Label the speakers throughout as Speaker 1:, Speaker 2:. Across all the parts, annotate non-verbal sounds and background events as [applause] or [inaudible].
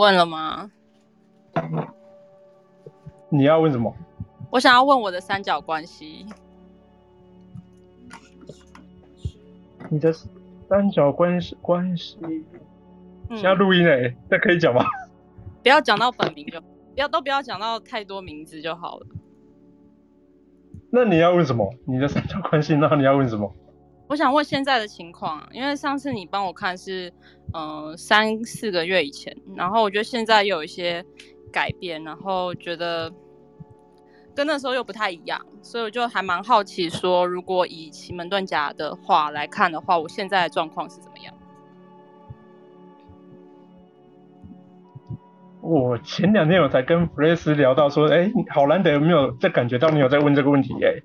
Speaker 1: 問了嗎？
Speaker 2: 你要問什麼？
Speaker 1: 我想要問我的三角關係。
Speaker 2: 你的三角關係關係？現在錄音哎，這、嗯、可以講嗎？
Speaker 1: 不要講到本名，就不要都不要講到太多名字就好了。
Speaker 2: 那你要問什麼？你的三角關係？那你要問什麼？
Speaker 1: 我想問現在的情況，因為上次你幫我看是，嗯，三四個月以前，然後我覺得現在有一些改變，然後覺得跟那時候又不太一樣，所以我就還蠻好奇，說如果以奇門遁甲的話來看的話，我現在的狀況是怎麼樣？
Speaker 2: 我前兩天有在跟弗雷斯聊到說，哎，好難得，有沒有在感覺到你有在問這個問題，耶。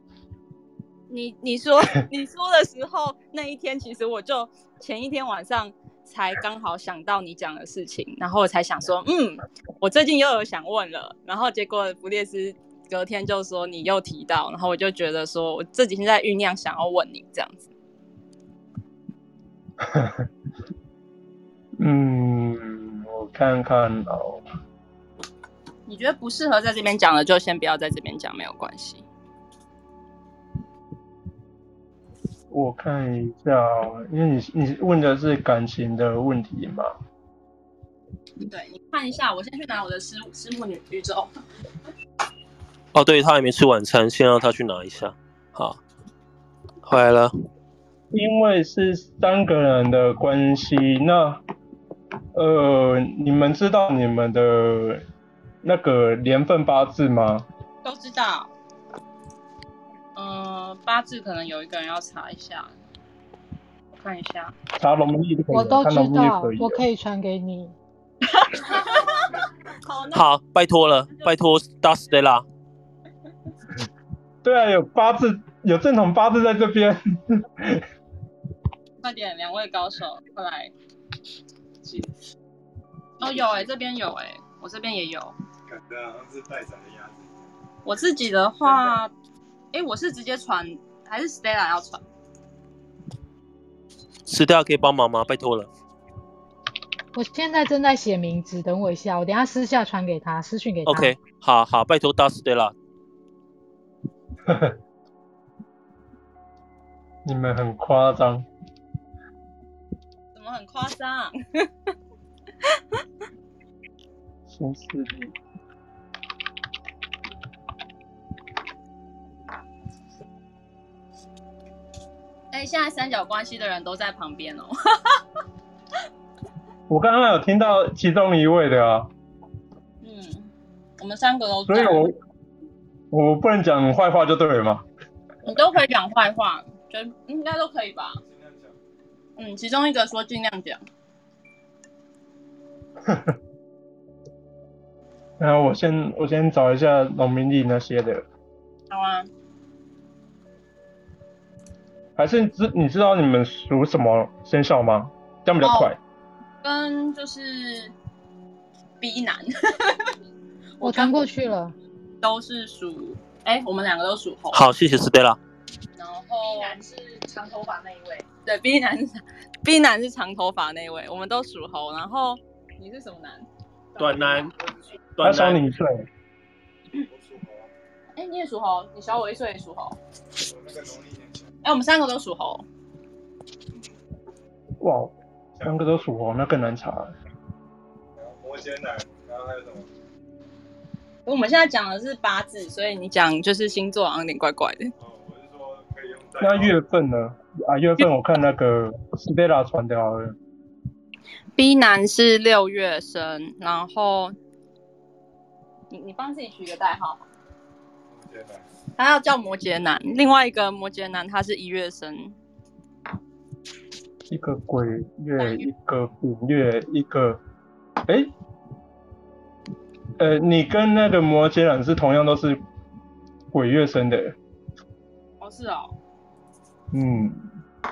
Speaker 1: 你你說你說的時候， [laughs] 那一天其實我就前一天晚上才剛好想到你講的事情，然後我才想說，嗯，我最近又有想問了，然後結果弗列斯隔天就說你又提到，然後我就覺得說我這幾天在醞釀想要問你這樣子。
Speaker 2: [laughs] 嗯，我看看哦。
Speaker 1: 你覺得不適合在這邊講了，就先不要在這邊講，沒有關係。
Speaker 2: 我看一下，因為你你問的是感情的問題嘛？對，你看
Speaker 1: 一下，我先去拿我的師母
Speaker 3: 師母女宇宙哦，對，他還沒吃晚餐，先讓他去拿一下。好，回來了。
Speaker 2: 因為是三個人的關係，那呃，你們知道你們的那個連份八字嗎？
Speaker 1: 都知道。八字可能有一個人要查一下，我看一下。
Speaker 2: 查農曆我都知道，可我
Speaker 4: 可以傳給你。
Speaker 2: [laughs] 好，好，
Speaker 3: 拜託了，拜託，Stella 啦。
Speaker 2: 對啊，有八字，有正統八字在這邊。
Speaker 1: [laughs] 快點，兩位高手快來！哦，有哎、欸，這邊有哎、欸，我這邊也有。感覺好像是帶崽的樣子。我自己的話。哎，我是直接
Speaker 4: 傳，
Speaker 3: 還是 Stella 要傳？Stella 可以幫忙嗎？拜託了。
Speaker 4: 我現在正在寫名字，等我一下，我等一下私下傳給他，私訊給他。OK，
Speaker 3: 好好，拜託大，大 Stella。
Speaker 2: 你們很誇張。怎
Speaker 1: 麼很誇張？哈
Speaker 2: 哈哈！哈。先
Speaker 1: 現在三角關係的人都在旁邊哦 [laughs] ，
Speaker 2: 我剛剛有聽到其中一位的啊，嗯，
Speaker 1: 我們三個都，所以我
Speaker 2: 我不能講壞話就對了嘛，
Speaker 1: 你都可以講壞話？覺得 [laughs] 應該都可以吧，嗯，其中一個說儘量講，
Speaker 2: 然後我先我先找一下農民曆那些的，好啊。還是你知你知道你們屬什麼生肖嗎？這樣比較快。Oh.
Speaker 1: 跟就是 B 男，
Speaker 4: [laughs] 我穿過去了，都是屬
Speaker 1: 哎、欸，我們兩個都屬猴。
Speaker 3: 好，謝謝是對了。
Speaker 1: 然後 B 男是長頭髮那一位，對，B 男是 B 男是長頭髮那一位，我們都屬猴。然後你是什麼男？
Speaker 3: 短男，短
Speaker 5: 男你一
Speaker 2: 歲？我屬
Speaker 5: 猴。
Speaker 1: 哎、欸，你也屬猴，你小我一歲也屬猴。
Speaker 2: 哎、欸，我們三個都屬猴。哇，三個都屬猴，那更難查。嗯、摩羯男，然後還
Speaker 1: 有誰、嗯？我們現在講的是八字，所以你講就是星座好像有點怪怪的。
Speaker 2: 哦、嗯，我是說可以用。那月份呢？啊，月份我看那個斯貝拉傳的。
Speaker 1: B 男是六月生，然後你你幫自己取一個代號吧。他要叫摩羯男，另外一個摩羯男，他是一月生，
Speaker 2: 一個鬼月，一個鬼月，一個，哎，呃，你跟那個摩羯男是同樣都是鬼月生的，哦，
Speaker 5: 是哦，
Speaker 2: 嗯，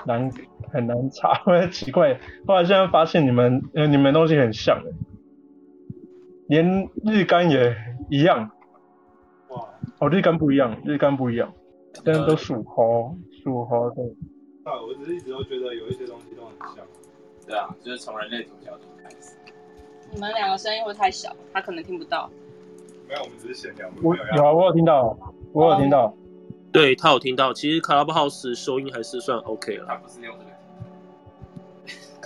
Speaker 2: 難很難查，很奇怪，後來現在發現你們，呃，你們東西很像，連日干也一樣。哦，日干不一樣，日干不一樣，但、嗯、現在都屬猴，屬、呃、猴的。我只是一直都覺得有一些東西都很像。對啊，就是從人類圖角度開始。你們兩個聲
Speaker 6: 音會太小，他可能
Speaker 1: 聽不到。
Speaker 3: 沒有，我們只是
Speaker 2: 閒聊，我有。我有聽到，我有聽到。
Speaker 3: Oh. 對，他有聽到。其實 Clubhouse 收音還是算 OK 了。他不是用
Speaker 2: 這個。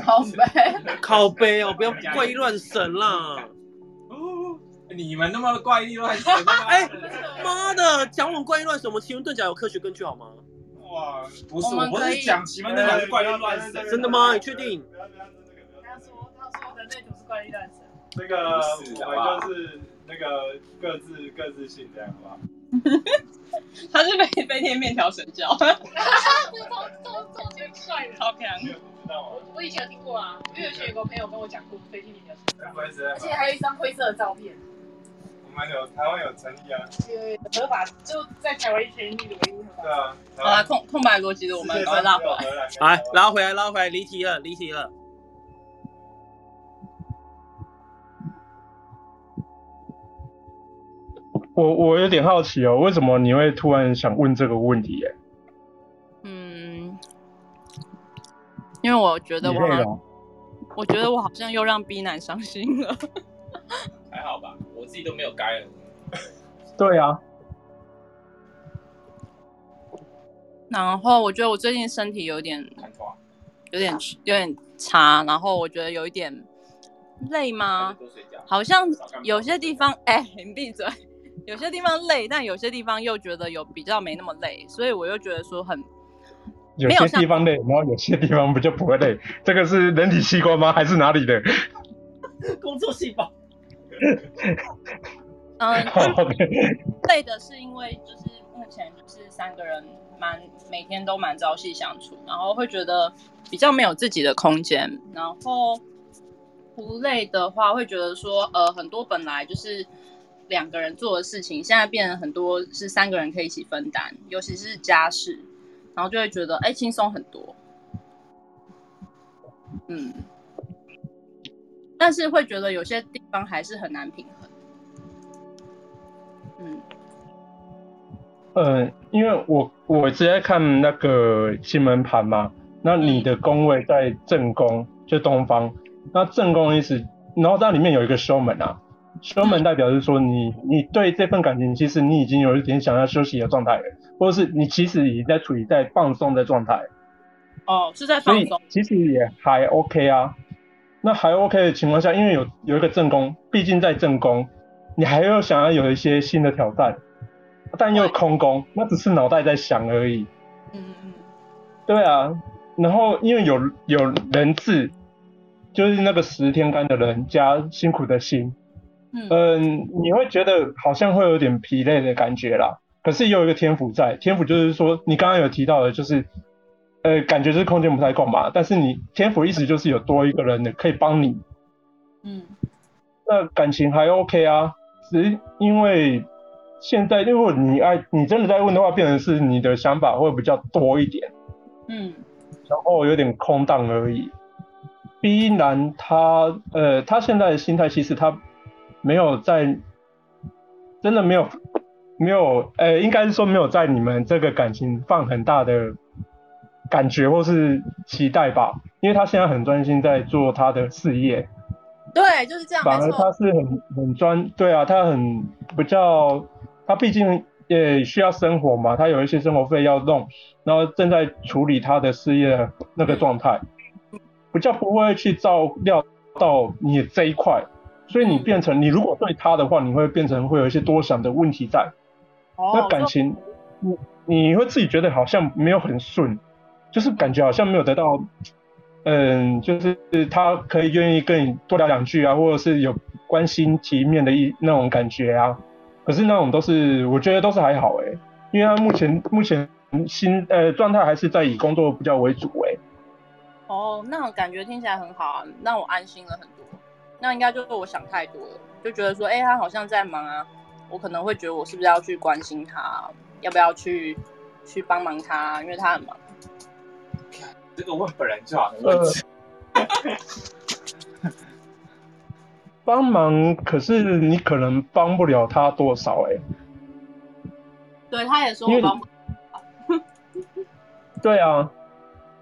Speaker 2: 靠
Speaker 3: 背 [laughs] 碑，靠背哦！我不要怪力亂神啦。你們那麼怪力亂神？哎，媽的，講我們怪力亂神，我們奇門遁甲有科學根據好嗎？
Speaker 6: 哇，不
Speaker 5: 是，我們是講奇門遁甲，怪力亂神，真的
Speaker 3: 嗎？你確定？不要不要，
Speaker 6: 他說他說的那種是怪力亂神，這個我
Speaker 3: 們就是
Speaker 6: 那個各自各自信這樣吧。他是被飛天面條神教，
Speaker 5: 哈哈哈，超超超帥的，超漂亮。我我以前有聽過
Speaker 1: 啊，因為以前有個朋友跟我講過飛天面條神教，不會吃。而且還有一張灰色的照片。
Speaker 4: 有
Speaker 3: 台灣有誠
Speaker 1: 意啊，對，合法就在台灣成立對啊。好
Speaker 3: 吧啊了，空空白邏輯的我們拉回來，來拉回來拉回來離題了離題了。
Speaker 2: 題了，我我有點好奇哦，為什麼你會突然想問這個問題、欸？耶？嗯，
Speaker 1: 因為我覺得我，好像，我覺得我好像又讓 B 男傷心了，還好吧。自己都沒有
Speaker 6: 改了。對
Speaker 1: 呀。對啊，然後我覺得我最近身體有點有點有點，有點差，然後我覺得有一點累嗎？好像有些地方，哎，欸，你閉嘴。有些地方累，但有些地方又覺得有比較沒那麼累，所以我又覺得說很
Speaker 2: 沒有。有些地方累，然後有些地方不就不會累。這個是人體器官嗎？還是哪裡的？
Speaker 3: [laughs] 工作細胞。
Speaker 1: [laughs] 嗯，累的是因為就是目前就是三個人，蠻每天都蠻朝夕相處，然後會覺得比較沒有自己的空間。然後不累的話，會覺得說，呃，很多本來就是兩個人做的事情，現在變成很多是三個人可以一起分擔，尤其是家事，然後就會覺得哎，輕鬆很多。嗯。
Speaker 2: 但是會覺得有些地方還是很難平衡。嗯，嗯，因為我我直接看那個奇門盤嘛，那你的宮位在正宮，嗯、就東方。那正宮意思，然後在裡面有一個休門啊，休門、嗯、代表就是說你你對這份感情，其實你已經有一點想要休息的狀態了，或者是你其實已經在處於在放鬆的狀態。哦，
Speaker 5: 是在放
Speaker 2: 鬆，其實也還 OK 啊。那還 OK 的情況下，因為有有一個正宮，畢竟在正宮，你還要想要有一些新的挑戰，但又空宮，喂那只是腦袋在想而已。嗯嗯對啊，然後因為有有人質，就是那個十天干的壬加辛苦的辛，嗯、呃，你會覺得好像會有點疲累的感覺啦。可是又有一個天賦在，天賦就是說你剛剛有提到的，就是。呃，感覺就是空間不太夠嘛，但是你天賦意識就是有多一個人，可以幫你，嗯，那感情還 OK 啊，只因為現在，如果你愛，你真的在問的話，變成是你的想法會比較多一點，嗯，然後有點空蕩而已。B 男他，呃，他現在的心態其實他沒有在，真的沒有，沒有，呃，應該是說沒有在你們這個感情放很大的。感覺或是期待吧，因為他現在很專心在做他的事業。
Speaker 1: 對，就是這樣。反而他
Speaker 2: 是很很專，對啊，他很比較，他畢竟也需要生活嘛，他有一些生活費要弄，然後正在處理他的事業那個狀態，比較不會去照料到你這一塊，所以你變成、嗯、你如果對他的話，你會變成會有一些多想的問題在，oh, 那感情 so 你你會自己覺得好像沒有很順。就是感覺好像沒有得到，嗯，就是他可以願意跟你多聊兩句啊，或者是有關心體面的一那種感覺啊。可是那種都是，我覺得都是還好哎、欸，因為他目前目前心呃狀態還是在以工作比較為主哎、
Speaker 1: 欸。哦，那種感覺聽起來很好啊，讓我安心了很多。那應該就是我想太多了，就覺得說，哎、欸，他好像在忙啊，我可能會覺得我是不是要去關心他，要不要去去幫忙他，因為他很忙。
Speaker 6: 這個問本人
Speaker 1: 就
Speaker 2: 好了。呃，幫 [laughs] 忙，可是你可能幫不了他多少哎。
Speaker 1: 對他也
Speaker 2: 說我幫忙。對啊，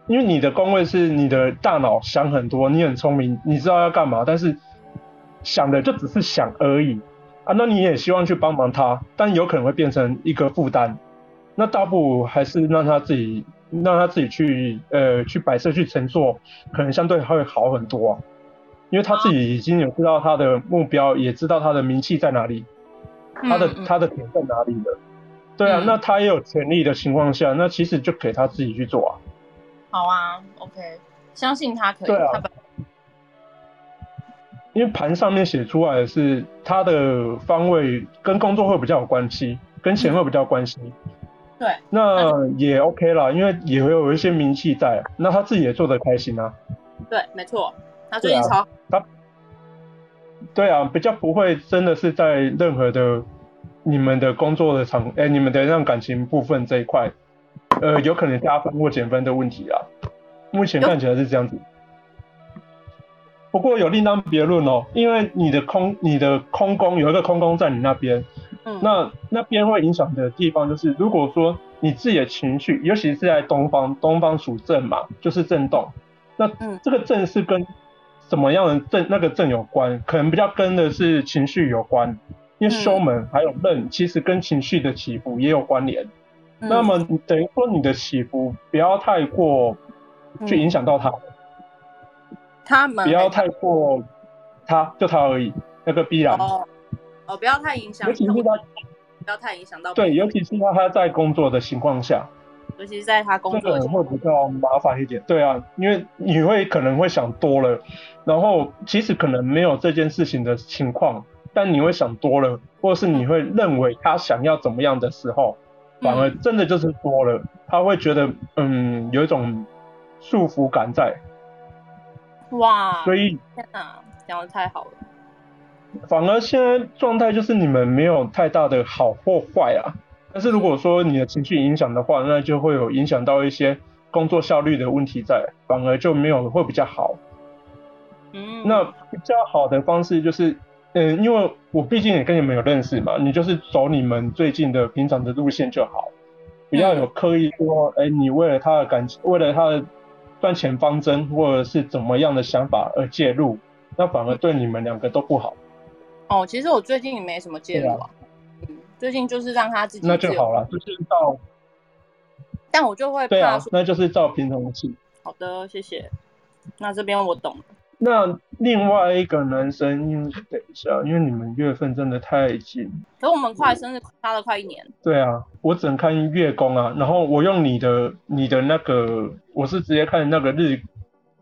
Speaker 2: 因為你的宮位是你的大腦想很多，你很聰明，你知道要幹嘛，但是想的就只是想而已啊。那你也希望去幫忙他，但有可能會變成一個負擔。那大部分還是讓他自己。讓他自己去，呃，去擺設去乘坐，可能相對會好很多，啊，因為他自己已經有知道他的目標，啊，也知道他的名氣在哪裡，嗯，他的，嗯、他的錢在哪裡了。對啊，嗯，那他也有權利的情況下，那其實就給他自己去做啊。好啊
Speaker 1: ，OK，相信他可以。啊，
Speaker 2: 本因為盤上面寫出來的是他的方位跟工作會比較有關係，跟錢會比較有關係。嗯對，那也 OK 了，因為也會有一些名氣在，那他自己也做得開心啊。對，沒錯，他最近超他，對啊，比較不會真的是在任何的你們的工作的場，哎、欸，你們的像感情部分這一塊，呃，有可能加分或減分的問題啊。目前看起來是這樣子，不過有另當別論哦，因為你的空你的空宮有一個空宮在你那邊。嗯、那那邊會影響的地方，就是如果說你自己的情緒，尤其是在東方，東方屬震嘛，就是震動。那這個震是跟什麼樣的震、嗯、那個震有關？可能比較跟的是情緒有關，因為休門還有任，嗯、其實跟情緒的起伏也有關聯。嗯、那麼等於說你的起伏不要太過去影響到他們，
Speaker 1: 他們、嗯、不要太
Speaker 2: 過他，他就他而已，那個必然。哦
Speaker 1: 不要
Speaker 2: 太
Speaker 1: 影響，不要太
Speaker 2: 影響到，影到對，尤其是他他在工作的情況下，尤
Speaker 1: 其是在他工作這個
Speaker 2: 會比較麻煩一點。對啊，因為你會可能會想多了，然後其實可能沒有這件事情的情況，但你會想多了，或者是你會認為他想要怎麼樣的時候，嗯，反而真的就是多了，他會覺得嗯有一種束縛感在。
Speaker 5: 哇！
Speaker 1: 所以天哪，啊，講的太好了。
Speaker 2: 反而現在狀態就是你們沒有太大的好或壞啊，但是如果說你的情緒影響的話，那就會有影響到一些工作效率的問題在，反而就沒有會比較好。嗯，那比較好的方式就是，嗯，因為我畢竟也跟你們有認識嘛，你就是走你們最近的平常的路線就好，不要有刻意說，哎、欸，你為了他的感情，為了他的賺錢方針或者是怎麼樣的想法而介入，那反而對你們兩個都不好。
Speaker 1: 哦，其實我最近也沒什麼介的了、啊啊嗯、最近就是讓他自己,自己那就好了，有有就是到，但我就會怕、啊，
Speaker 2: 那就是照平同期。
Speaker 1: 好的，謝謝。那這邊我懂了。
Speaker 2: 那另外一個男生，因為、嗯、等一下，因為你們月份真的太近，可
Speaker 1: 是我們快生日差了快一年
Speaker 2: 對。對啊，我只能看月宮啊，然後我用你的你的那個，我是直接看那個日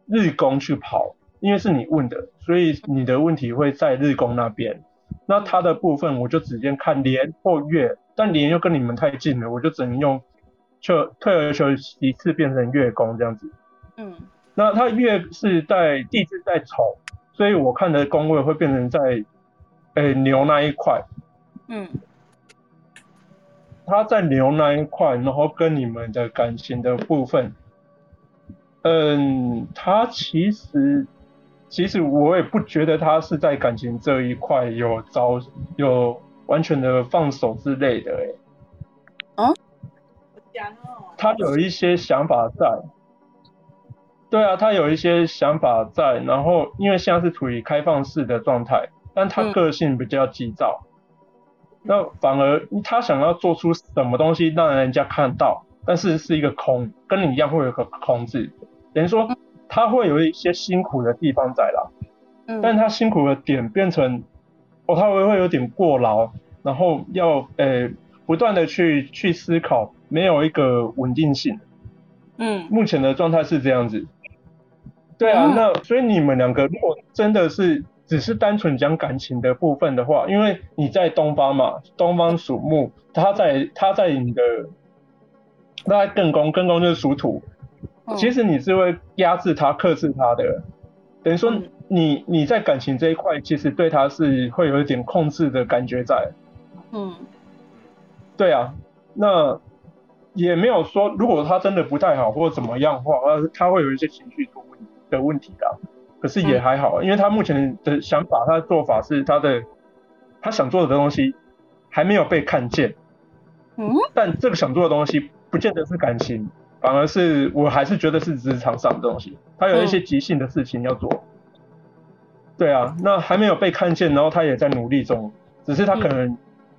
Speaker 2: 日宮去跑，因為是你問的。所以你的問題會在日宮那邊，嗯、那他的部分我就直接看年或月，但年又跟你們太近了，我就只能用，就退而求其次變成月宮這樣子。嗯，那他月是在地支在丑，所以我看的宮位會變成在，誒、欸、牛那一塊。嗯，他在牛那一塊，然後跟你們的感情的部分，嗯，他其實。其實我也不覺得他是在感情這一塊有招，有完全的放手之類的，哦、他有一些想法在，對啊，他有一些想法在，然後因為現在是處於開放式的狀態，但他個性比較急躁，嗯、那反而他想要做出什麼東西讓人家看到，但是是一個空，跟你一樣會有一個空置。等於說。嗯他會有一些辛苦的地方在啦，嗯，但他辛苦的點變成，哦，他會會有點過勞，然後要誒、欸、不斷的去去思考，沒有一個穩定性，嗯，目前的狀態是這樣子，
Speaker 5: 對啊，啊那
Speaker 2: 所以你們兩個如果真的是只是單純講感情的部分的話，因為你在東方嘛，東方屬木，他在他在你的，他在艮宮，艮宮就是屬土。其實你是會壓制他、嗯、克制他的，等於說你你在感情這一塊，其實對他是會有一點控制的感覺在。嗯，對啊，那也沒有說如果他真的不太好或者怎麼樣的話，他會有一些情緒的問題的啊。可是也還好，嗯，因為他目前的想法、他的做法是他的他想做的東西還沒有被看見。嗯，但這個想做的東西不見得是感情。反而是我還是覺得是職場上的東西，他有一些即興的事情要做，嗯、對啊，那還沒有被看見，然後他也在努力中，只是他可能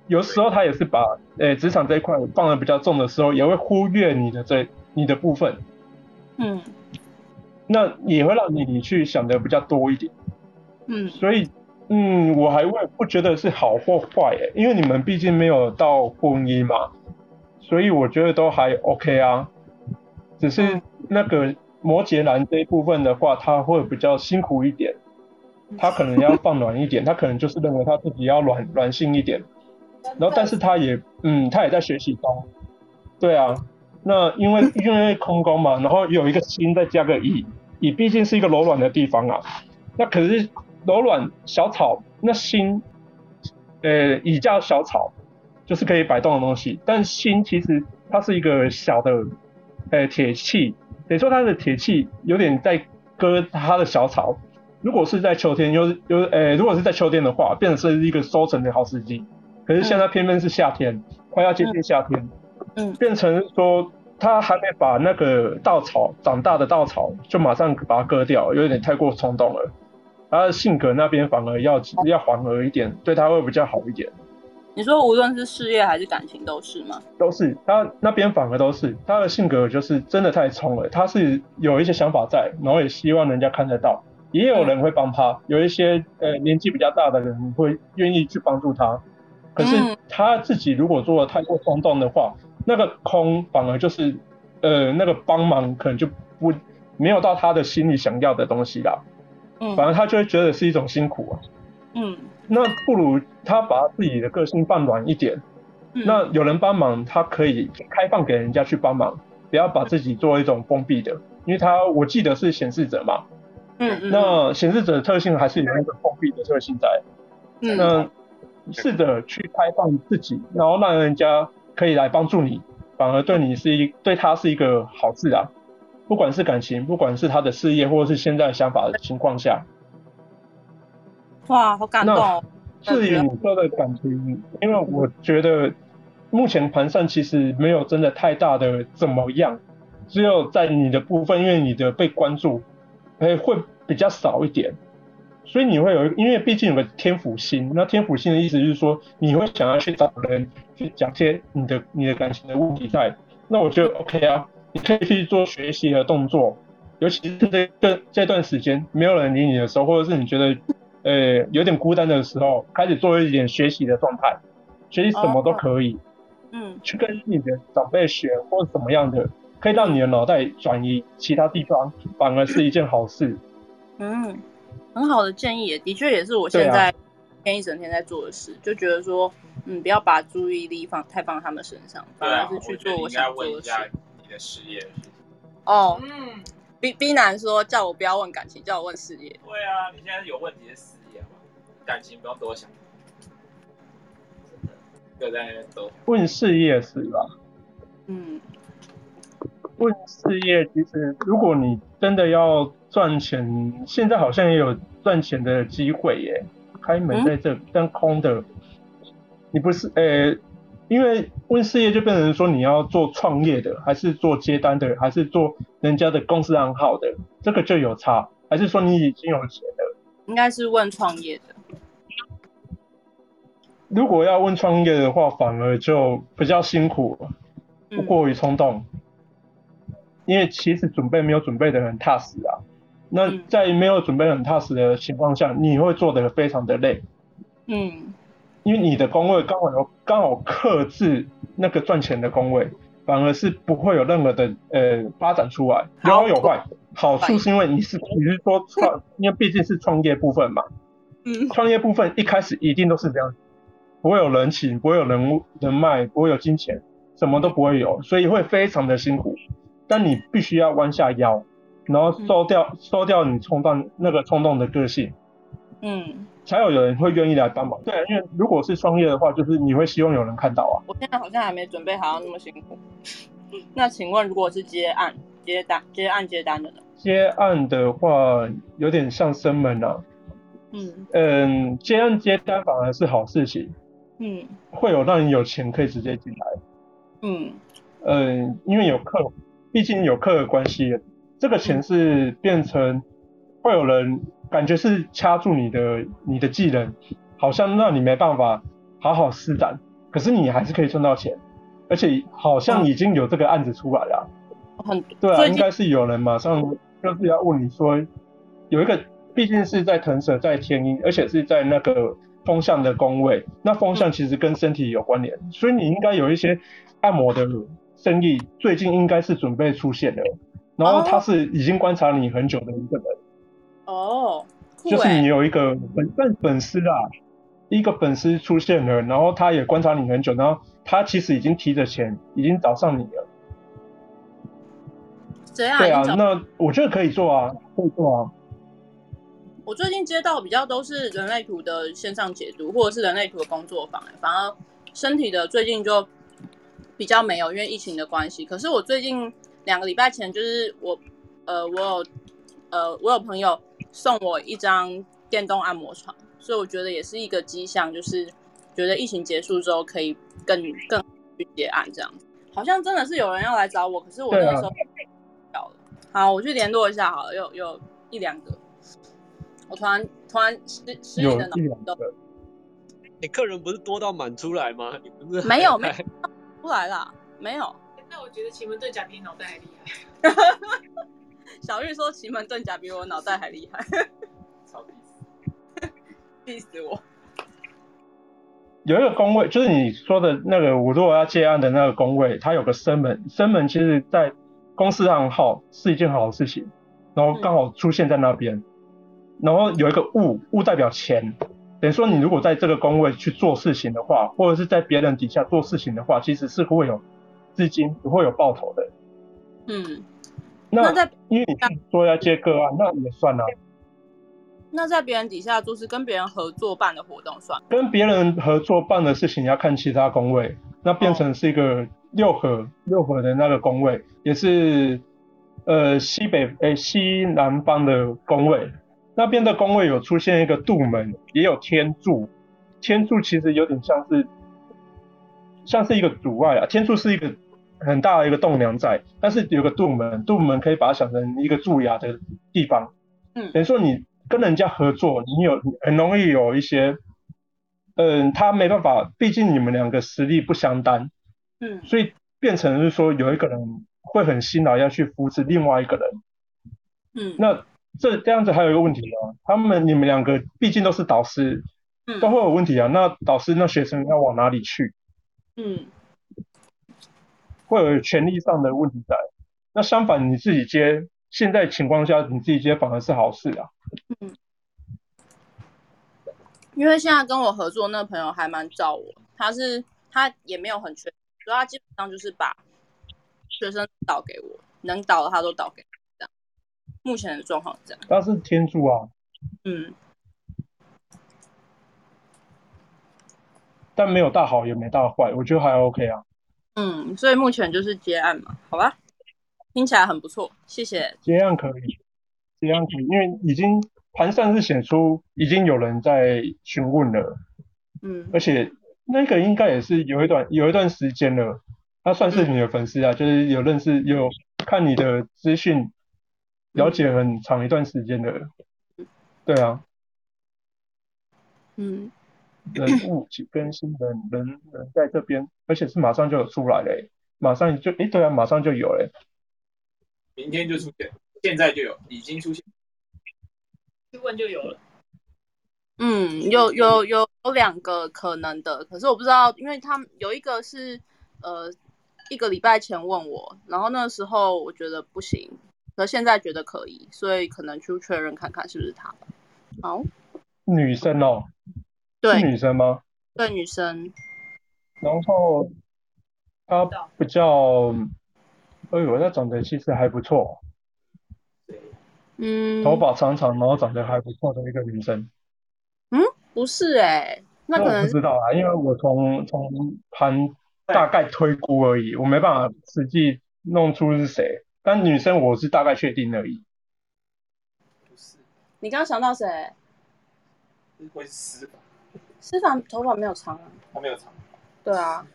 Speaker 2: 有時候他也是把誒、嗯欸、職場這一塊放得比較重的時候，也會忽略你的這你的部分，嗯，那也會讓你你去想的比較多一點，嗯，所以嗯，我還會不覺得是好或壞、欸，因為你們畢竟沒有到婚姻嘛，所以我覺得都還 OK 啊。只是那個摩羯男這一部分的話，他會比較辛苦一點，他可能要放軟一點，他可能就是認為他自己要軟軟性一點，然後但是他也嗯，他也在學習中，對啊，那因為因為空宮嘛，然後有一個心再加個乙，乙畢竟是一個柔軟的地方啊，那可是柔軟小草，那心，呃、欸，乙加小草就是可以擺動的東西，但心其實它是一個小的。呃，鐵、欸、器，等於說他的鐵器有點在割他的小草。如果是在秋天，又又哎、欸，如果是在秋天的話，變成是一個收成的好時機。可是現在偏偏是夏天，嗯、快要接近夏天，嗯，變成說他還沒把那個稻草、嗯、長大的稻草就馬上把它割掉，有點太過衝動了。他的性格那邊反而要要緩和一點，對他會比較好一點。
Speaker 1: 你說無論是事業還是感情都是嗎？
Speaker 2: 都是，他那邊反而都是，他的性格就是真的太衝了。他是有一些想法在，然後也希望人家看得到。也有人會幫他，嗯、有一些呃年紀比較大的人會願意去幫助他。可是他自己如果做的太過衝動的話，嗯、那個空反而就是呃那個幫忙可能就不沒有到他的心裡想要的東西啦。嗯，反而他就會覺得是一種辛苦啊。嗯。那不如他把自己的個性放軟一點，嗯、那有人幫忙，他可以開放給人家去幫忙，不要把自己作為一種封閉的，因為他我記得是顯示者嘛，嗯嗯，那顯示者的特性還是有那個封閉的特性在，嗯，試着去開放自己，然後讓人家可以來幫助你，反而對你是一、嗯、對他是一個好事啊，不管是感情，不管是他的事業，或者是現在想法的情況下。
Speaker 1: 哇，好感動、哦。至於
Speaker 2: 你說的感情，嗯、因為我覺得目前盤上其實沒有真的太大的怎麼樣，只有在你的部分，因為你的被關注，哎、欸，會比較少一點，所以你會有，因為畢竟有個天府星。那天府星的意思就是說，你會想要去找人去講些你的你的感情的問題在。那我覺得 OK 啊，你可以去做學習的動作，尤其是這這這段時間沒有人理你的時候，或者是你覺得。呃、欸，有點孤單的時候，開始做一點學習的狀態，學習什麼都可以，哦、嗯，去跟你的長輩學，或者什麼樣的，可以讓你的腦袋轉移其他地方，反而是一件好事。
Speaker 1: 嗯，很好的建議，也的確也是我現在天一整天在做的事，啊、就覺得說，嗯，不要把注意力放太放他們身上，
Speaker 6: 反而、啊、是去做我想做的事。我你的事業是不
Speaker 1: 是，哦，oh, 嗯。B B 男說：“叫我不要問感情，
Speaker 6: 叫我問事業。”對啊，你現在有問題的事業嗎？感情不用多想，在
Speaker 2: 問事業是吧？嗯，問事業其實，如果你真的要賺錢，現在好像也有賺錢的機會耶、欸，開門在這，但、嗯、空的，你不是誒。欸因為問事業就變成說你要做創業的，還是做接單的，還是做人家的公司賬號的，這個就有差。還是說你已經有錢
Speaker 1: 了？應該是問創業的。
Speaker 2: 如果要問創業的話，反而就比較辛苦，不過於衝動，嗯、因為其實準備沒有準備的很踏實啊。那在沒有準備很踏實的情況下，你會做得非常的累。嗯。因為你的宮位剛好有剛好克制那個賺錢的宮位，反而是不會有任何的呃發展出來，好，有好有壞。好處是因為你是應你是說創，因為畢竟是創業部分嘛，嗯，創業部分一開始一定都是這樣，不會有人情，不會有人人脈，不會有金錢，什麼都不會有，所以會非常的辛苦。但你必須要彎下腰，然後收掉，嗯、收掉你衝動那個衝動的個性，
Speaker 5: 嗯。
Speaker 2: 才有人會願意來幫忙，對，因為如果是創業的話，就是你會希望有人看到啊。我
Speaker 1: 現在好像還沒準備好像那麼辛苦。嗯、那請問，如果是接案、接單、接案接單的呢？
Speaker 2: 接案的話，有點像生門啊。嗯嗯，接案接單反而是好事情。嗯，會有讓你有錢可以直接進來。嗯嗯，因為有客，畢竟有客的關係，這個錢是變成會有人。感覺是掐住你的你的技能，好像讓你沒辦法好好施展，可是你還是可以賺到錢，而且好像已經有這個案子出來了。啊對啊，最近應該是有人馬上就是要問你說，有一個畢竟是在螣蛇在天音，而且是在那個風象的宮位，那風象其實跟身體有關聯，嗯、所以你應該有一些按摩的生意，最近應該是準備出現了。然後他是已經觀察你很久的一個人。啊
Speaker 5: 哦，oh, 就是
Speaker 2: 你有一個粉但，啊，對粉絲啦，啊，一個粉絲出現了，然後他也觀察你很久，然後他其實已經提着錢，已經找上你了。
Speaker 5: 這樣，啊，對啊，
Speaker 2: 走那我覺得可以做啊，可以做啊。
Speaker 1: 我最近接到比較都是人類圖的線上解讀，或者是人類圖的工作坊，欸，反而身體的最近就比較沒有，因為疫情的關係。可是我最近兩個禮拜前，就是我，呃，我有，呃，我有朋友。送我一張電動按摩床，所以我覺得也是一個跡象，就是覺得疫情結束之後可以更更去接案這樣。好像真的是有人要來找我，可是
Speaker 5: 我那時候掉
Speaker 1: 了。啊、好，我去聯絡一下好了，有有一,兩有一兩個。我突然突然十十億的腦。
Speaker 3: 你客人不是多到滿出來嗎？你不是沒有沒
Speaker 1: 出來了？沒有。那我覺得奇門遁甲比你腦袋還厲害。 [laughs] 小玉說：“奇門遁甲比我腦袋
Speaker 5: 還厲
Speaker 2: 害，呵呵超死，我！有一個宮位，就是你說的那個，我如果要接案的那個宮位，它有個生門。生門其實在公司行號是一件好事情，然後剛好出現在那邊，是然後有一個物，物代表錢。等於說，你如果在這個宮位去做事情的話，或者是在別人底下做事情的話，其實是不會有資金，不會有報酬的。嗯。”那，那在，因為你說，說要接個案，那也算啊。
Speaker 1: 那在別人底下就是跟別人合作辦的活動算。
Speaker 2: 跟別人合作辦的事情要看其他宮位，那變成是一個六合、哦、六合的那個宮位，也是，呃西北誒、呃、西南方的宮位，那邊的宮位有出現一個杜門，也有天柱，天柱其實有點像是，像是一個阻礙啊，天柱是一個，很大的一個棟樑在，嗯、但是有個杜門，杜門可以把它想成一個蛀牙的地方。嗯，等於說你跟人家合作，你有很容易有一些，嗯，他沒辦法，畢竟你們兩個實力不相當，
Speaker 5: 嗯，
Speaker 2: 所以變成是說有一個人會很辛勞要去扶持另外一個人。嗯，那這，這樣子還有一個問題呢、啊，他們你們兩個畢竟都是導師，嗯、都會有問題啊。那導師那學生要往哪裡去？嗯。會有權力上的問題在，那相反你自己接，現在情況下你自己接反而是好事啊。嗯，
Speaker 1: 因為現在跟我合作那個朋友還蠻罩我，他是他也沒有很缺，所以他基本上就是把學生導給我，能導的他都導給。目前的狀況是這樣。
Speaker 2: 但是天助啊。嗯，但沒有大好也沒大壞，我覺得還 OK 啊。
Speaker 1: 嗯，所以目前就是接案嘛，好吧，聽起來很不錯，謝謝。
Speaker 2: 接案可以，接案可以，因為已經盤上，是顯出，已經有人在詢問了，嗯，而且那個應該也是有一段有一段時間了，他算是你的粉絲啊，就是有認識有看你的資訊，了解很長一段時間的，嗯、對啊，嗯。 [coughs] 人物及更新的，人人在這邊，而且是馬上就有出來嘞，馬上就誒、欸，對啊，馬上就有嘞，明天就出
Speaker 6: 現，現在就有，
Speaker 1: 已
Speaker 5: 經出現，去問就有了。
Speaker 1: 嗯，有有有有兩個可能的，可是我不知道，因為他們有一個是呃一個禮拜前問我，然後那時候我覺得不行，可現在覺得可以，所以可能去確認看看是不是他。好，
Speaker 2: 女生哦。對是女生嗎？對，女生。然後她比較，哎呦，我覺得長得其實還不錯。嗯
Speaker 5: 對。頭髮
Speaker 2: 長長，然後長得還不錯的一個女生。
Speaker 1: 嗯，不是哎、欸，那可能我不知
Speaker 2: 道啊，因為我從從盤大概推估而已，對我沒辦法實際弄出是誰。但女生我是大概確定而已。不是。你
Speaker 1: 剛剛想到誰？
Speaker 2: 會死
Speaker 1: 司法頭髮沒有長啊，
Speaker 4: 還沒有
Speaker 2: 長，對啊，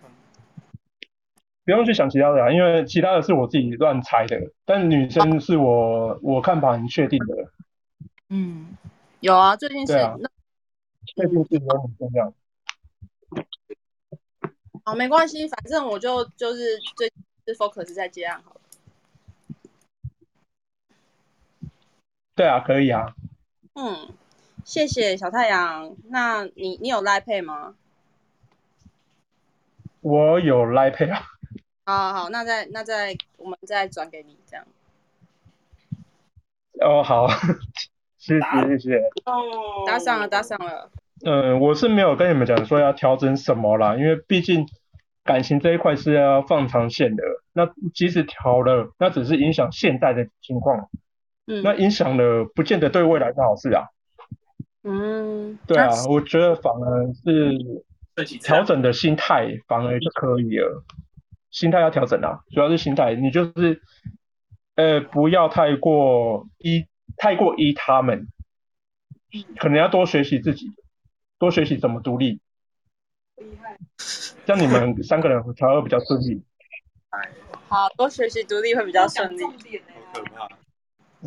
Speaker 2: 不用去想其他的，啊，因為其他的是我自己亂猜的，但女生是我，啊、我看法很確定的，
Speaker 4: 嗯，
Speaker 1: 有啊，最近
Speaker 2: 是，啊、那最近是都很重要，
Speaker 1: 好，沒關係，反正我就就是最近，就是 focus 在接案好
Speaker 2: 了，對啊，可以啊，嗯。
Speaker 1: 謝謝小太陽，那你你有 Line Pay 嗎？
Speaker 2: 我有 Line Pay 啊。
Speaker 1: 好好，那再那再我們再轉給你這樣。
Speaker 2: 哦好，謝謝了謝謝。哦，
Speaker 1: 搭上了搭上了。上
Speaker 2: 了嗯，我是沒有跟你們講說要調整什麼啦，因為畢竟感情這一塊是要放長線的。那即使調了，那只是影響現在的情況，嗯，那影響了不見得對未來是好事啊。嗯，對啊，啊我覺得反而是調整的心態反而就可以了。心態要調整啊，主要是心態，你就是呃不要太過依太過依他們，可能要多學習自己，多學習怎麼獨立。厲害像你們三個人才會比較順利。 [laughs] 好
Speaker 1: 多學習獨立會比較順利。
Speaker 2: 我，啊、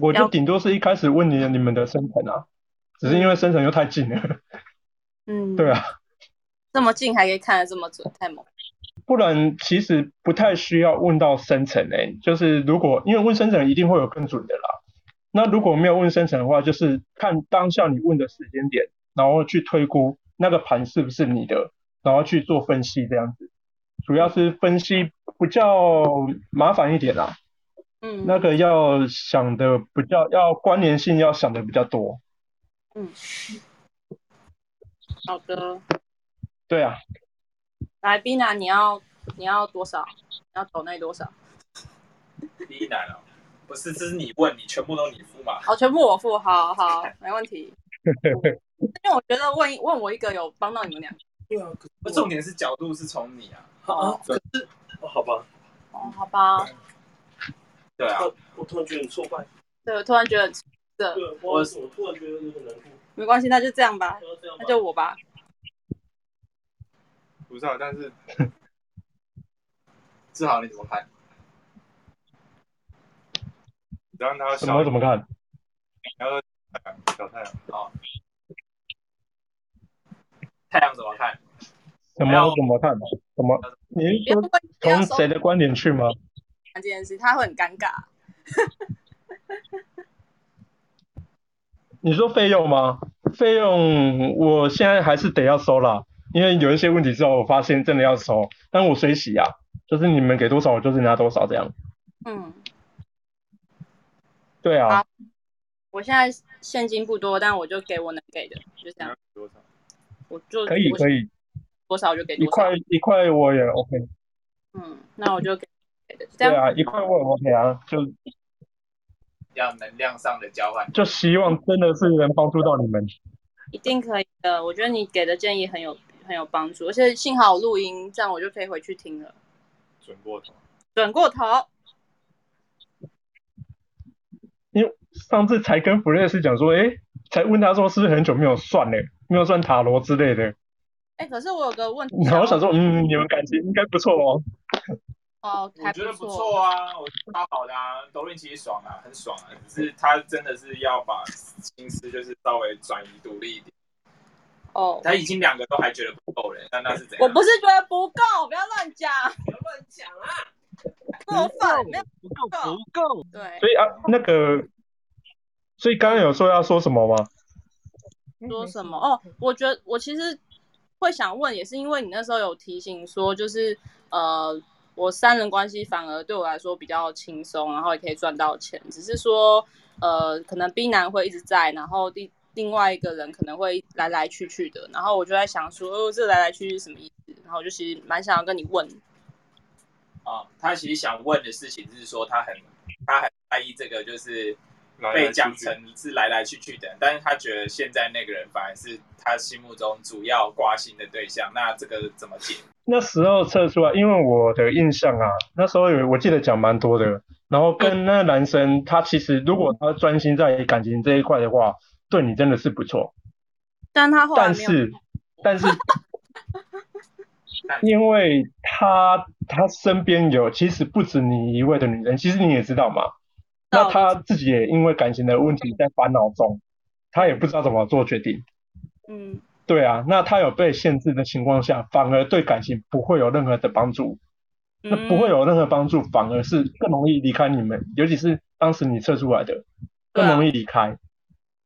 Speaker 2: 我就頂多是一開始問你你們的生辰啊。只是因為深層又太近了，嗯，
Speaker 1: [laughs] 對啊，這麼近還可以看得這麼準，太猛。
Speaker 2: 不然其實不太需要問到深層嘞，欸，就是如果因為問深層一定會有更準的啦。那如果沒有問深層的話，就是看當下你問的時間點，然後去推估那個盤是不是你的，然後去做分析這樣子。主要是分析比較麻煩一點啦，嗯，那個要想的比較要關聯性要想的比較多。
Speaker 5: 嗯，好的。對啊。
Speaker 1: 來，冰男，你要你要多少？你要投那多少？冰
Speaker 5: 楠
Speaker 6: 啊，不是，這是你問你，全部都你付嘛？好、
Speaker 1: 哦，全部我付，好好，沒問題。
Speaker 5: [laughs]
Speaker 1: 因為我覺得問問我一個有幫到你們倆。
Speaker 6: 對啊，重點是角度
Speaker 3: 是從你啊。好啊對、哦、可是哦，好吧。哦，好吧。
Speaker 1: 對啊，對啊我突然覺得挫敗。對，我突然覺得。
Speaker 3: 我我突然
Speaker 6: 覺得沒關
Speaker 1: 係，那就這樣吧，
Speaker 3: 那就我吧。不是啊，但
Speaker 6: 是志豪你怎麼看？你讓怎麼看？然後小太陽。哦。太陽怎麼看？
Speaker 2: 怎麼怎麼看？怎麼？您說從誰的觀點去嗎？
Speaker 1: 這件事他會很尷尬。
Speaker 2: 你說費用嗎？費用我現在還是得要收了，因為有一些問題之後我發現真的要收。但我隨喜呀，啊，就是你們給多少我就是拿多少這樣。嗯，
Speaker 5: 對啊。好。
Speaker 1: 我現在現金不多，但我就給我能給的，就這樣。要給多少？我就可
Speaker 5: 以
Speaker 2: 可以。多少就給多少。一塊一塊我也 OK。嗯，那我就給。
Speaker 6: 就對啊，一塊我也 OK 啊，就。要能
Speaker 2: 量上的交換，就希望真的是能幫助到你們。嗯，
Speaker 1: 一定可以的。我覺得你給的建議很有很有幫助，而且幸好我錄音，這樣我就可以回去聽
Speaker 6: 了。
Speaker 1: 轉過頭，
Speaker 2: 轉過頭。因為上次才跟弗瑞斯講說，哎、欸，才問他說是不是很久沒有算嘞，欸，沒有算塔羅之類的。
Speaker 1: 哎、欸，可是我有個問題，我想
Speaker 2: 說，嗯，你們感情應該不錯哦。
Speaker 6: 哦，oh, 我覺得不錯啊，不錯我覺得他好的啊，獨立 [noise] 其實爽啊，很爽啊，只是他真的是要把心思就是稍微轉移獨立一點。
Speaker 5: 哦，oh, 他已
Speaker 6: 經兩個都還覺得不夠了，那那是怎樣？我不是
Speaker 5: 覺得不夠，
Speaker 1: 不要亂講，不要亂講啊！不夠，沒有不夠，不夠，不夠對。所
Speaker 2: 以啊，那個，所以剛剛有說要說什麼嗎？
Speaker 1: 說什麼？哦，我覺得我其實會想問，也是因為你那時候有提醒說，就是呃。我三人關係反而對我來說比較輕鬆，然後也可以賺到錢。只是說，呃，可能 B 男會一直在，然後第另外一個人可能會來來去去的。然後我就在想說，哦、呃，這個、來來去去是什麼意思？然後我就其實蠻想要跟你問。啊、
Speaker 6: 哦，他其實想問的事情就是說他，他很他很在意這個，就是。被講成是來來去去的。 [noise] 但是他覺得現在那個人反而是他心目中主要關心的對象，那這個怎麼解？
Speaker 2: 那時候測出來，因為我的印象啊，那時候我記得講蠻多的，然後跟那個男生，嗯、他其實如果他專心在感情這一塊的話，對你真的是不錯。但他後面，但是，但是，因為他他身邊有其實不止你一位的女人，其實你也知道嘛。那他自己也因為感情的問題在煩惱中，他也不知道怎麼做決定。嗯，對啊，那他有被限制的情況下，反而對感情不會有任何的幫助。嗯，那不會有任何幫助，反而是更容易離開你們，尤其是當時你測出來的，更容易離開，對啊。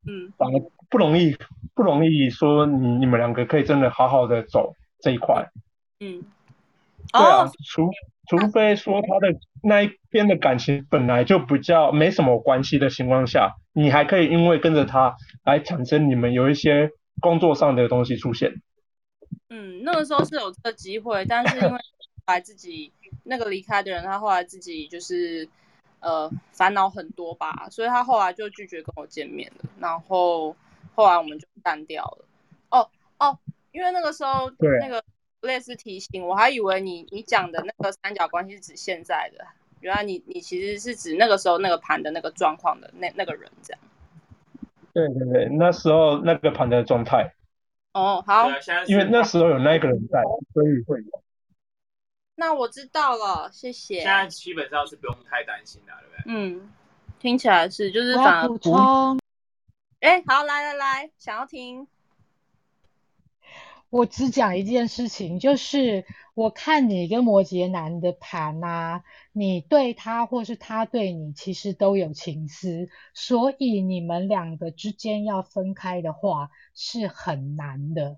Speaker 2: 嗯，反而不容易，不容易說你你們兩個可以真的好好的走這一塊。嗯，對啊，除、oh. 除非說他的那一邊的感情本來就比較沒什麼關係的情況下，你還可以因為跟着他來產生你們有一些工作上的東西出現。嗯，
Speaker 1: 那個時候是有這個機會，但是因為後來自己 [laughs] 那個離開的人，他後來自己就是呃煩惱很多吧，所以他後來就拒絕跟我見面了。然後後來我們就淡掉了。哦哦，因為那個時候那個。對類似提醒，我還以為你你講的那個三角關係是指現在的，原來你你其實是指那個時候那個盤的那個狀況的那那個人這樣。對
Speaker 2: 對對，那時候那個盤的狀態。
Speaker 1: 哦，好。因為那
Speaker 2: 時候有那個人在，所以會有。
Speaker 1: 那我知道了，謝謝。現在
Speaker 6: 基本上是不用
Speaker 1: 太擔心的，對不對？
Speaker 4: 嗯，聽起來是，
Speaker 1: 就是反而。補充。哎、欸，好，來來來，想要聽。
Speaker 4: 我只講一件事情，就是我看你跟摩羯男的盤啊，你對他或是他對你，其實都有情思，所以你們兩個之間要分開的話是很難的，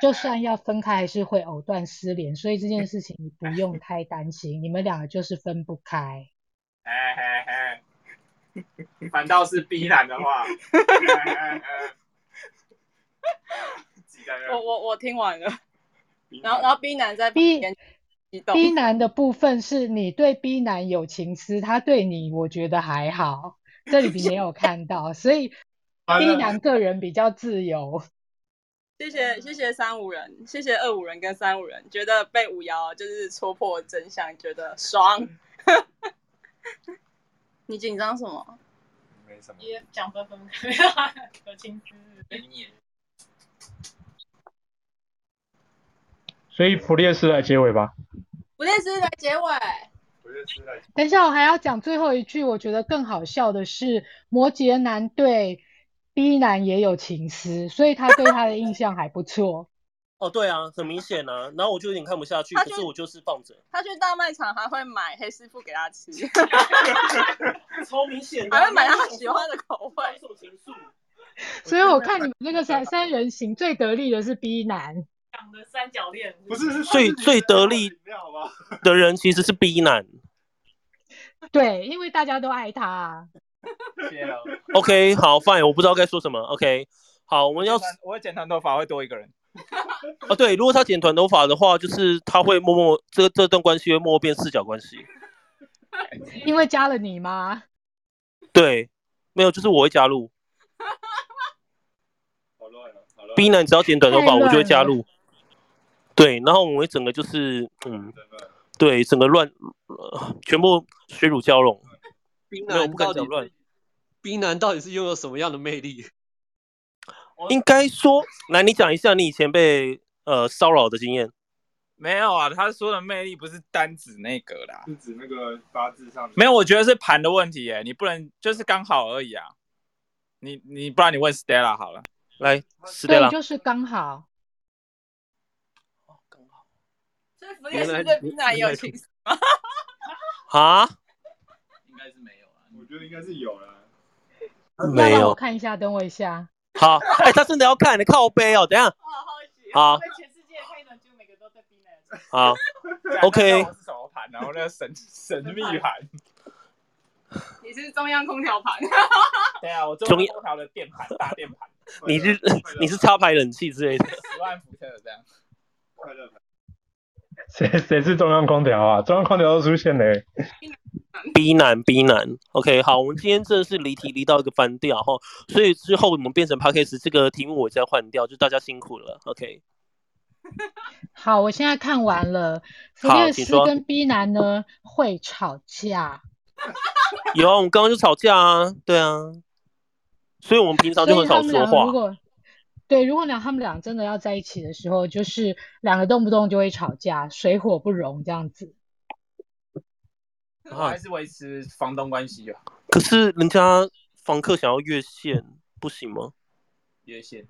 Speaker 4: 就算要分開，還是會藕斷絲連，所以這件事情你不用太擔心， [laughs] 你們兩個就是分不開。嘿
Speaker 6: 嘿嘿，反倒是 B 男的話。 [laughs] 我
Speaker 1: 我我聽完了，男然後然後 B 男在 B，B 男
Speaker 4: 的部分是你對 B 男有情思，他對你我覺得還好，這裡比沒有看到， [laughs] 所以 B 男個人比較自由。
Speaker 1: 的謝謝謝謝三五人，謝謝二五人跟三五人，覺得被五爻就是戳破真相，覺得爽。嗯、 [laughs] 你緊張什麼？沒什麼，講分分， [laughs] 有情緒
Speaker 4: 緒。
Speaker 5: 所以
Speaker 2: 普列斯來結尾吧，
Speaker 1: 普列斯來結尾，
Speaker 4: 等一下，我還要講最後一句。我覺得更好笑的是，摩羯男對 B 男也有情思，所以他對他的印象還不錯。
Speaker 3: [laughs] 哦，對啊，很明顯啊。然後我就有點看不下去，去可是我就是放着。
Speaker 1: 他去大賣場還會買黑師傅給他吃，
Speaker 3: [laughs] [laughs] 超明顯。
Speaker 1: 還會買他喜歡的口味。
Speaker 3: [laughs] 所以我
Speaker 4: 看你們那個三 [laughs] 三人行最得利的是 B 男。
Speaker 1: 的三角戀是不是，不是是是最、哦、是
Speaker 3: 得最得力的人其實是 B 男。
Speaker 4: 對，因為大家都愛他。
Speaker 6: [laughs]
Speaker 3: OK，好，Fine，我不知道該說什麼。OK，好，我們要。我，剪我會剪短頭髮，會多一個人。
Speaker 4: [laughs]
Speaker 3: 哦對，如果他剪短頭髮的話，就是他會默默，這這段關係會默默變四角關係。
Speaker 4: [laughs] 因為加了你嗎？
Speaker 3: 對，沒有，就是我會加入。 [laughs] 好亂，好亂。B 男只要剪短頭髮， [laughs] 了我就會加入。對，然後我們整個就是，嗯，對，對，對，對，對，整個亂，呃、全部水乳交融。冰男到底亂？冰男到底是擁有什麼樣的魅力？應該說， [laughs] 來你講一下你以前被呃騷擾的經驗。
Speaker 6: 沒有啊，他說的魅力不是單指那個啦，是指那個八字上的。沒有，我覺得是盤的問題耶，你不能就是剛好而已啊。你你不然你問 Stella 好
Speaker 3: 了，來問 Stella。對，就
Speaker 4: 是剛好。
Speaker 3: 也是對冰箱也有情愫嗎？啊？
Speaker 6: 應該是沒有啊，我覺得應該是有
Speaker 3: 了。沒有，我
Speaker 4: 看一下，等我一下。
Speaker 3: 好，哎，他真的要看，你靠我背哦，等一下。我好奇。好。在全
Speaker 6: 世界，看一場球，每個都
Speaker 3: 在聽呢。好，OK。是什
Speaker 6: 麼盤呢？我那個神神秘盤。你是中央空調盤。對啊，我中央空調的電
Speaker 3: 盤，大電盤。你是你是插排冷氣之類的。十萬伏特這樣。快樂。
Speaker 2: 誰誰是中央空調啊？中央空調都出現嘞、欸。B 男，B
Speaker 3: 男，OK，好，我們今天這是離題離到一個翻調吼，所以之後我們變成 podcast 這個題目，我再換掉，就大家辛苦了，OK。
Speaker 4: 好，我現在看完了，Flexus 跟 B 男呢會吵架。
Speaker 3: 有、啊，我們剛剛就吵架啊，對啊，所以我們平常就很少說話。
Speaker 4: 對，如果你他們倆真的要在一起的時候，就是兩個動不動就會吵架，水火不容這樣子。
Speaker 3: 啊、還是維持房東關係就好。可是人家房客想要越線，不行嗎？越線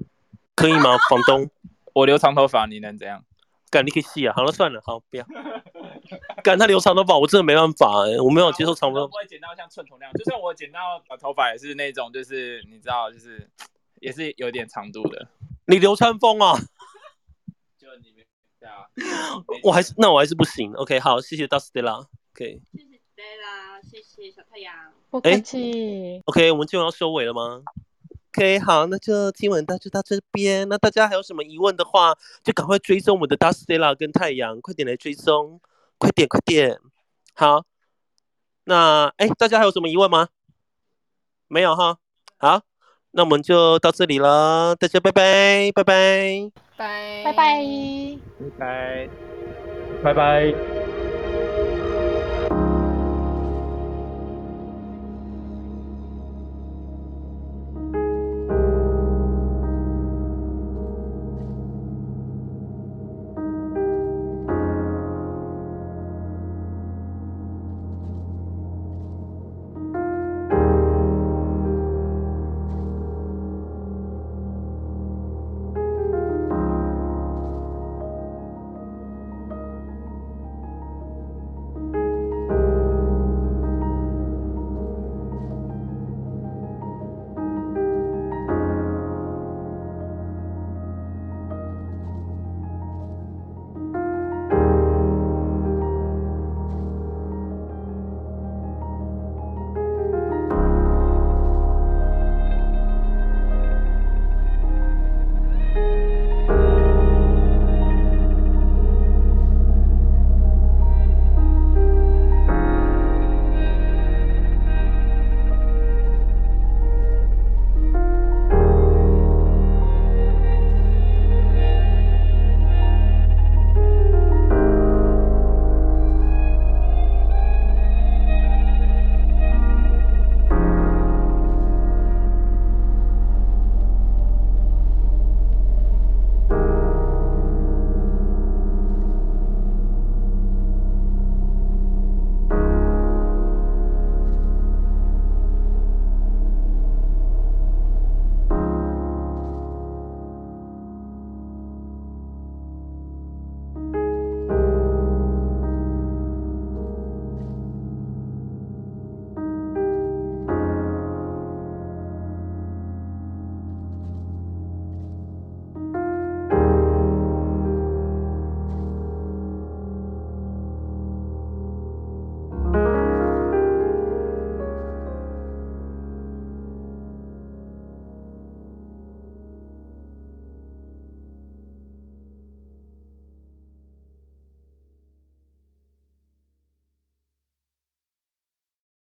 Speaker 3: 可以嗎？啊、房東，我留長頭髮，你能怎樣？趕你可以細啊，好了算了，好，不要。趕 [laughs] 他留長頭髮，我真的沒辦法、欸，我沒有接受長頭髮。我會
Speaker 6: 剪到像寸頭那樣，就算我剪到頭髮也是那種，就是你知道，就是。也是有點
Speaker 3: 長度的， [laughs] 你流川楓啊？就你們家，我
Speaker 6: 還
Speaker 3: 是那我還是不行。OK，好，謝謝 Dustella，OK，okay. 謝謝
Speaker 1: Dustella，謝
Speaker 3: 謝小太陽，不客氣，欸。OK，我們今晚要收尾了嗎？OK，好，那就今晚到就到這邊。那大家還有什麼疑問的話，就趕快追蹤我們的 Dustella 跟太陽，快點來追蹤，快點快點。好，那哎、欸，大家還有什麼疑問嗎？沒有哈，好。那我們就到這裡了，大家拜拜，拜拜，拜
Speaker 4: 拜，拜拜，
Speaker 6: 拜
Speaker 2: 拜，拜拜。